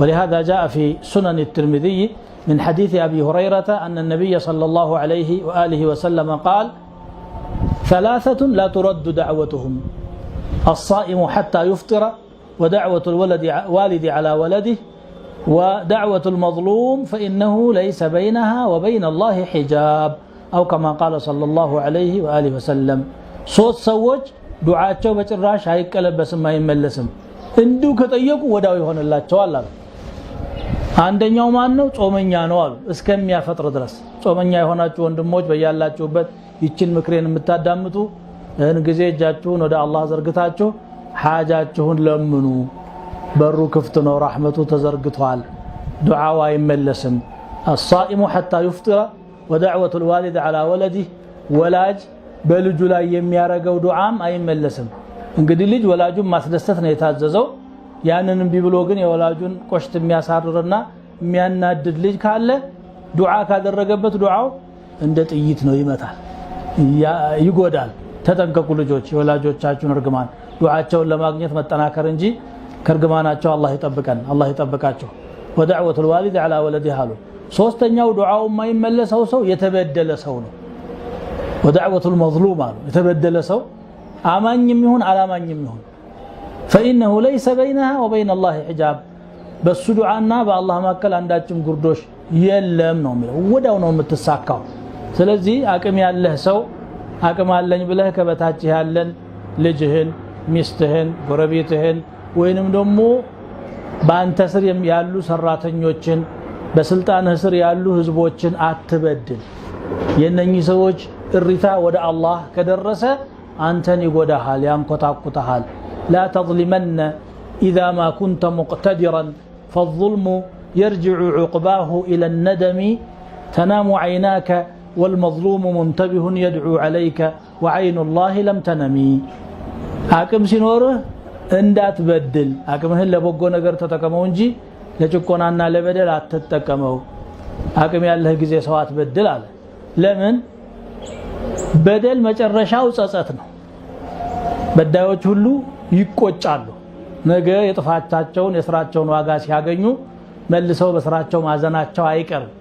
ولهذا جاء في سنن الترمذي من حديث أبي هريرة أن النبي صلى الله عليه وآله وسلم قال ثلاثة لا ترد دعوتهم الصائم حتى يفطر ودعوة الولد والد على ولده ودعوة المظلوم فإنه ليس بينها وبين الله حجاب أو كما قال صلى الله عليه وآله وسلم صوت سوج دعاء بچراش هاي قلب بس ما يملسم اندوك كتيقوا وداوي يهون الله تعالى አንደኛው ማን ነው? ጾመኛ ነው አሉ። እስከሚያፈጥር ድረስ ጾመኛ የሆናችሁ ወንድሞች በያላችሁበት ይችን ምክሬን የምታዳምጡ እህን ጊዜ እጃችሁን ወደ አላህ ዘርግታችሁ ሓጃችሁን ለምኑ። በሩ ክፍት ነው፣ ራሕመቱ ተዘርግቷል። ዱዓው አይመለስም። አሳኢሙ ሐታ ዩፍጢረ ወደዕወቱ ልዋሊድ ዓላ ወለዲህ ወላጅ በልጁ ላይ የሚያረገው ዱዓም አይመለስም። እንግዲህ ልጅ ወላጁን ማስደሰት ነው የታዘዘው። ያንን እምቢ ብሎ ግን የወላጁን ቆሽት የሚያሳርርና የሚያናድድ ልጅ ካለ ዱዓ ካደረገበት ዱዓው እንደ ጥይት ነው፣ ይመታል፣ ይጎዳል። ተጠንቀቁ ልጆች፣ የወላጆቻችሁን እርግማን ዱዓቸውን ለማግኘት መጠናከር እንጂ ከእርግማናቸው አላህ ይጠብቀን፣ አላህ ይጠብቃቸው። ወደዕወት ልዋሊድ ዐላ ወለዲህ አሉ። ሶስተኛው ዱዓው የማይመለሰው ሰው የተበደለ ሰው ነው። ወደዕወት መዝሉም አሉ። የተበደለ ሰው አማኝም ይሁን አላማኝም ይሁን ፈኢነሁ ለይሰ በይነሃ ወበይነ አላህ ሒጃብ በሱ ዱዓና በአላህ መካከል አንዳችም ጉርዶሽ የለም ነው የሚለው ወዳው ነው የምትሳካው ስለዚህ አቅም ያለህ ሰው አቅም አለኝ ብለህ ከበታችህ ያለን ልጅህን ሚስትህን ጎረቤትህን ወይንም ደግሞ በአንተ ስር ያሉ ሰራተኞችን በስልጣንህ ስር ያሉ ህዝቦችን አትበድል የነኚህ ሰዎች እሪታ ወደ አላህ ከደረሰ አንተን ይጎዳሃል ያንኮታኩተሃል لا تظلمن إذا ما كنت مقتدرا فالظلم يرجع عقباه إلى الندم تنام عيناك والمظلوم منتبه يدعو عليك وعين الله لم تنمي حكم سنوره اندات بدل هاكم هل لبقو نقر تتكمون جي لجكونا انا لبدل اتتكمو حكم يالله قزي سوات بدل على لمن بدل ما جرشاو ساساتنا بدل وجه ይቆጫሉ። ነገ የጥፋታቸውን የስራቸውን ዋጋ ሲያገኙ መልሰው በስራቸው ማዘናቸው አይቀርም።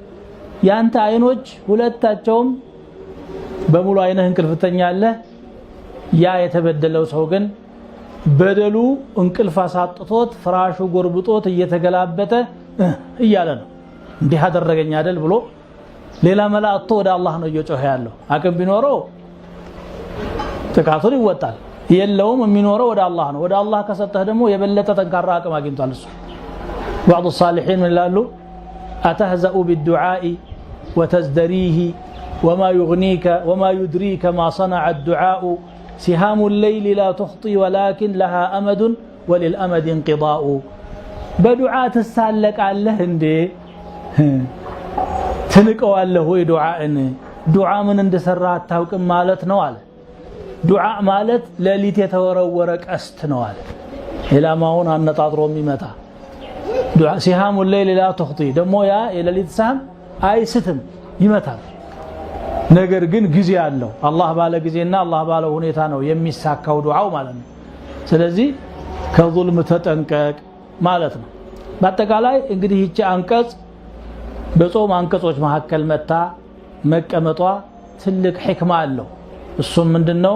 ያንተ አይኖች ሁለታቸውም በሙሉ አይነህ እንቅልፍተኛ አለ። ያ የተበደለው ሰው ግን በደሉ እንቅልፍ አሳጥቶት ፍራሹ ጎርብጦት እየተገላበጠ እያለ ነው። እንዲህ አደረገኝ አይደል ብሎ ሌላ መላ ወደ አላህ ነው እየጮኸ ያለው። አቅም ቢኖረው ጥቃቱን ይወጣል። የለውም የሚኖረው ወደ አላህ ነው ወደ አላህ ከሰጠህ ደግሞ የበለጠ ጠንካራ አቅም አግኝቷል እሱ بعض الصالحين من قالوا أتهزأ بالدعاء وتزدريه وما يغنيك وما يدريك ما صنع الدعاء سهام الليل لا تخطي ولكن لها أمد وللأمد انقضاء بدعاء تسالك الله اندي تنقوا الله ودعاء دعاء من اندسرات تاوك مالت نواله ዱዓ ማለት ሌሊት የተወረወረ ቀስት ነው አለ። ኢላማውን አነጣጥሮ የሚመታ ሲሃሙ ሌይል ላ ቱኽጢ ደግሞ ያ የሌሊት ሲሃም አይስትም ይመታል። ነገር ግን ጊዜ አለው። አላህ ባለ ጊዜና አላህ ባለ ሁኔታ ነው የሚሳካው ዱዓው ማለት ነው። ስለዚህ ከዙልም ተጠንቀቅ ማለት ነው። በአጠቃላይ እንግዲህ ይቺ አንቀጽ በጾም አንቀጾች መካከል መታ መቀመጧ ትልቅ ሕክማ አለው። እሱም ምንድን ነው?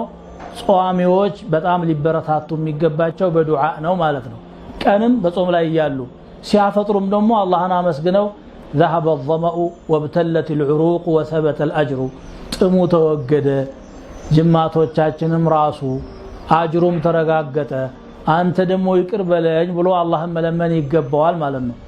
ጾዋሚዎች በጣም ሊበረታቱ የሚገባቸው በዱዓ ነው ማለት ነው። ቀንም በጾም ላይ እያሉ ሲያፈጥሩም ደግሞ አላህን አመስግነው ذهب الظمأ وابتلت العروق وثبت الأجر ጥሙ ተወገደ፣ ጅማቶቻችንም ራሱ አጅሩም ተረጋገጠ፣ አንተ ደግሞ ይቅር በለኝ ብሎ አላህን መለመን ይገባዋል ማለት ነው።